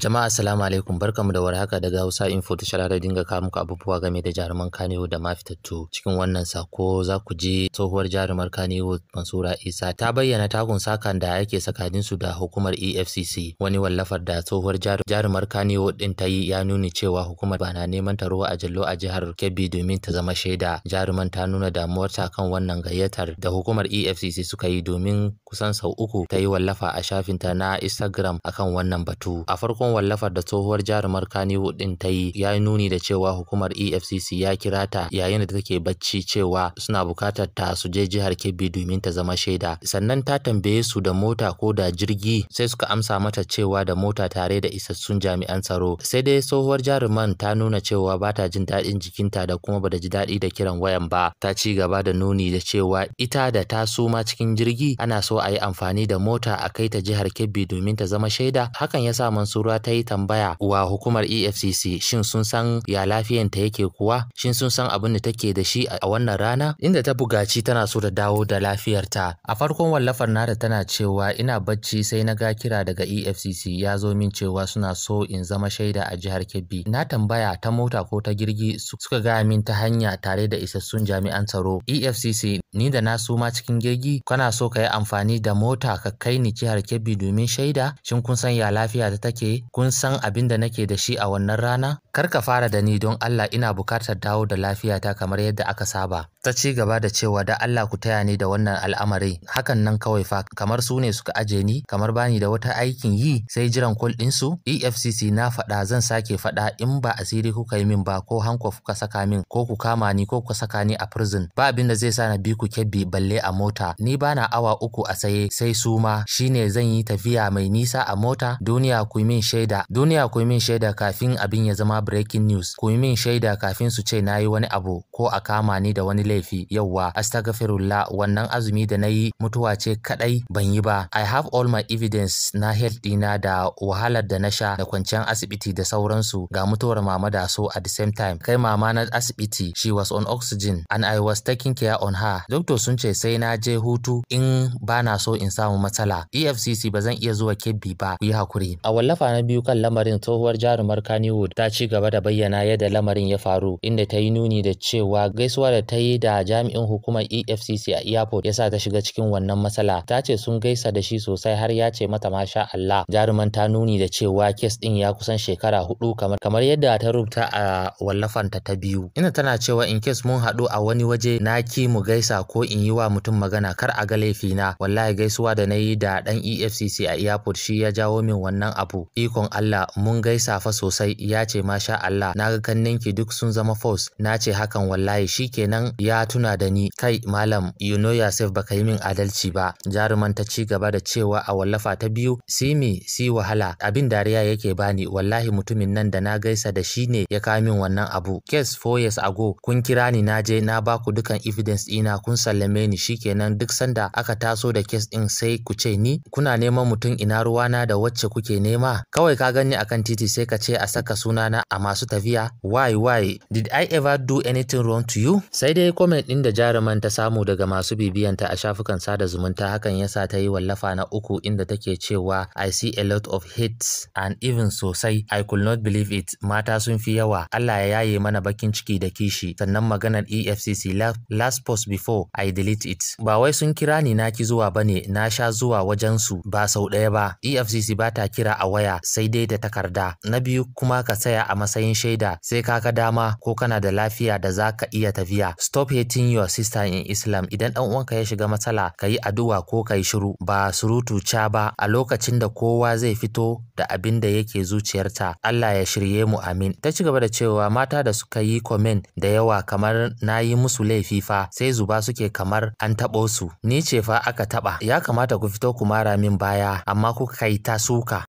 Jama'a assalamu alaikum barkamu da warhaka daga Hausa Info ta shara dinga kawo muku abubuwa game da jaruman Kaniwo da ma fitattu cikin wannan sako za ku ji tsohuwar jarumar Kaniwo Mansura Isa ta bayyana takun sakan da yake sakanin su da hukumar EFCC wani wallafar da tsohuwar jarumar Kaniwo din ta yi ya nuni cewa hukumar ba na neman ta ruwa a jallo a jihar Kebbi domin ta zama shaida jaruman ta nuna ta kan wannan gayyatar da hukumar EFCC suka yi domin kusan sau uku ta yi wallafa a shafinta na Instagram akan wannan batu a farkon Sakamakon wallafar da tsohuwar jarumar Kannywood din ta yi ya nuni da cewa hukumar EFCC ya kira ta yayin da take bacci cewa suna bukatar ta su je jihar Kebbi domin ta zama shaida. Sannan ta tambaye su da mota ko da jirgi sai suka amsa mata cewa da mota tare da isassun jami'an tsaro. Sai dai tsohuwar jaruman ta nuna cewa ba ta jin daɗin jikinta da kuma ba da ji daɗi da kiran wayan ba. Ta ci gaba da nuni da cewa ita da ta suma cikin jirgi ana so a yi amfani da mota a kai ta jihar Kebbi domin ta zama shaida. Hakan ya sa Mansura ta yi tambaya wa hukumar EFCC shin sun san ya lafiyanta yake kuwa shin sun san abin da take da shi a wannan rana inda ta bugaci tana so da dawo da lafiyarta a farkon wallafar nata tana cewa ina bacci sai na ga kira daga EFCC ya zo min cewa suna so in zama shaida a jihar Kebbi na tambaya ta mota ko ta jirgi suka gaya min ta hanya tare da isassun jami'an tsaro EFCC ni da na suma cikin girgi kana so ka yi amfani da mota ka kai ni jihar Kebbi domin shaida shin kun san ya lafiya ta take kun san abin da nake da shi a wannan rana kar ka fara da ni don Allah ina bukatar dawo da lafiyata kamar yadda aka saba ta ci gaba da cewa da Allah ku taya ni da wannan al'amari hakan nan kawai fa kamar su ne suka aje ni kamar bani da wata aikin yi sai jiran kul din su EFCC na faɗa zan sake faɗa in ba asiri kuka yi min ba ko hanko kuka saka min ko ku kama ni ko ku saka ni a prison ba abin da zai sa na bi ku kebbi balle a mota ni bana awa uku a saye. sai su ma shine zan yi tafiya mai nisa a mota duniya ku yi min shaida duniya ku yi min shaida kafin abin ya zama breaking news ku yi min shaida kafin su ce yi wani abu ko a kama ni da wani laifi yauwa astaghfirullah wannan azumi da na yi mutuwa ce kadai ban yi ba i have all my evidence na health dina da wahalar da na sha da kwanciyar asibiti da sauransu ga mutuwar mama da so at the same time kai mama na asibiti she was on oxygen and i was taking care on her doctor sun ce sai na je hutu in ba na so in samu matsala efcc ba zan iya zuwa kebbi ba ku yi hakuri a wallafa na biyu kan lamarin tsohuwar jarumar kannywood ta ci gaba da bayyana yadda lamarin ya faru inda ta yi nuni da cewa gaisuwa da ta yi da jami'in hukumar EFCC a airport yasa ta shiga cikin wannan matsala ta ce sun gaisa da shi sosai har ya ce mata masha Allah jaruman ta nuni da cewa kes din ya kusan shekara hudu kamar kamar yadda ta rubuta a wallafanta ta biyu ina tana cewa in kes mun haɗu a wani waje na ki mu gaisa ko in yi wa mutum magana kar a ga laifi na. wallahi gaisuwa da na yi da ɗan EFCC a airport shi ya jawo min wannan abu ikon Allah mun gaisa fa sosai ya ce masha Allah na ga kanninki duk sun zama fos. na ce hakan wallahi shikenan ya ya tuna da ni kai malam you know yourself baka yi min adalci ba jaruman ta ci gaba da cewa a wallafa ta biyu simi si wahala abin dariya yake bani wallahi mutumin nan da na gaisa da shi ne ya kawo min wannan abu case four years ago kun kira ni na je na ba ku dukan evidence ina kun sallame ni shi shikenan duk sanda aka taso da case ɗin sai ku ce ni kuna neman mutum ina ruwana da wacce kuke nema kawai ka gani akan titi sai ka ce a saka sunana a masu tafiya why why did i ever do anything wrong to you sai dai comment ɗin da jaruman ta samu daga masu bibiyanta a shafukan sada zumunta hakan yasa ta yi wallafa na uku inda take cewa I see a lot of hate and even sosai I could not believe it mata sun fi yawa Allah ya yaye mana bakin ciki da kishi sannan maganar EFCC last post before I delete it ba wai sun kira ni na ki zuwa bane na sha zuwa wajen su ba sau ɗaya ba EFCC ba ta kira a waya sai dai da takarda na biyu kuma ka tsaya a matsayin shaida sai ka ka dama ko kana da lafiya da za ka iya tafiya stop stop your sister in Islam idan dan uwanka ya shiga matsala ka yi addu'a ko ka yi shiru ba surutu ca ba a lokacin da kowa zai fito da abin da yake zuciyarta Allah ya shirye mu amin ta ci gaba da cewa mata da suka yi comment da yawa kamar na yi musu laifi fa sai zuba suke kamar an taɓo su ni ce fa aka taɓa ya kamata ku fito ku mara min baya amma kuka kai ta suka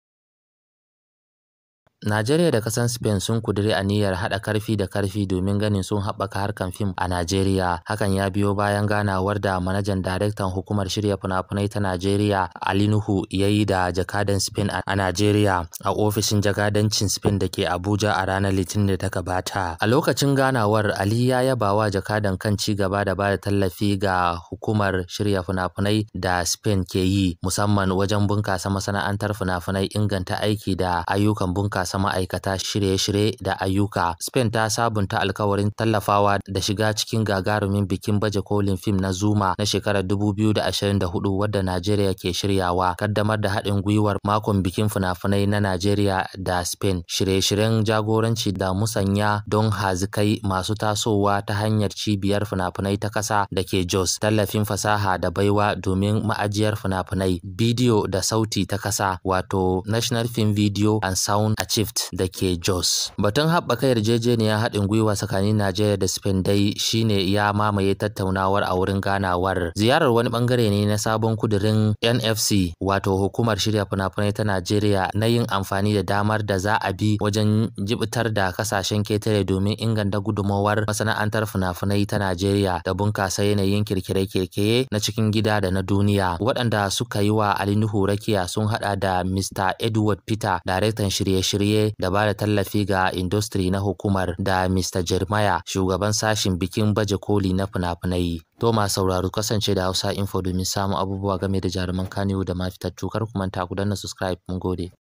Najeriya da kasan Spain sun kuduri aniyar haɗa karfi da karfi domin ganin sun haɓaka harkan fim a Najeriya. Hakan ya biyo bayan ganawar da manajan daraktan hukumar shirya fina-finai ta Najeriya Alinuhu ya yi da jakadan Spain a Najeriya a ofishin jakadancin Spain da ke Abuja a ranar Litinin da ta gabata. A lokacin ganawar Ali ya yaba wa jakadan kan ci gaba da bada tallafi ga hukumar shirya fina-finai da Spain ke yi musamman wajen bunkasa masana'antar fina-finai inganta aiki da ayyukan bunkasa bunƙasa ma'aikata shirye-shirye da ayyuka. Spain ta sabunta alkawarin tallafawa da shiga cikin gagarumin bikin baje kolin fim na Zuma na shekarar 2024 wadda Najeriya ke shiryawa. Kaddamar da haɗin gwiwar makon bikin fina-finai na Najeriya da Spain. Shirye-shiryen jagoranci da musanya don hazikai masu tasowa ta hanyar cibiyar fina ta ƙasa da ke Jos. Tallafin fasaha da baiwa domin ma'ajiyar fina-finai, bidiyo da sauti ta ƙasa wato National Film Video and Sound a Chift da ke Jos. Batun haɓaka yarjejeniyar haɗin gwiwa tsakanin Najeriya da Spain dai shine ya mamaye tattaunawar a wurin ganawar. Ziyarar wani bangare ne na sabon kudirin NFC wato hukumar shirya fina-finai ta Najeriya na yin amfani da damar da za a bi wajen jibitar da kasashen ketare domin inganta gudumawar masana'antar fina-finai ta Najeriya da bunkasa yanayin kirkire-kirkire na cikin gida da na duniya. Waɗanda suka yi wa Ali Nuhu rakiya sun haɗa da Mr. Edward Peter, daraktan shirye-shirye shirye da ba da tallafi ga industry na hukumar da Mr. Jeremiah shugaban sashin bikin baje koli na fina-finai. To ma sauraro kasance da Hausa Info domin samun abubuwa game da jaruman Kaniyo da mafitattu fitattu kar ku manta ku danna subscribe mun gode.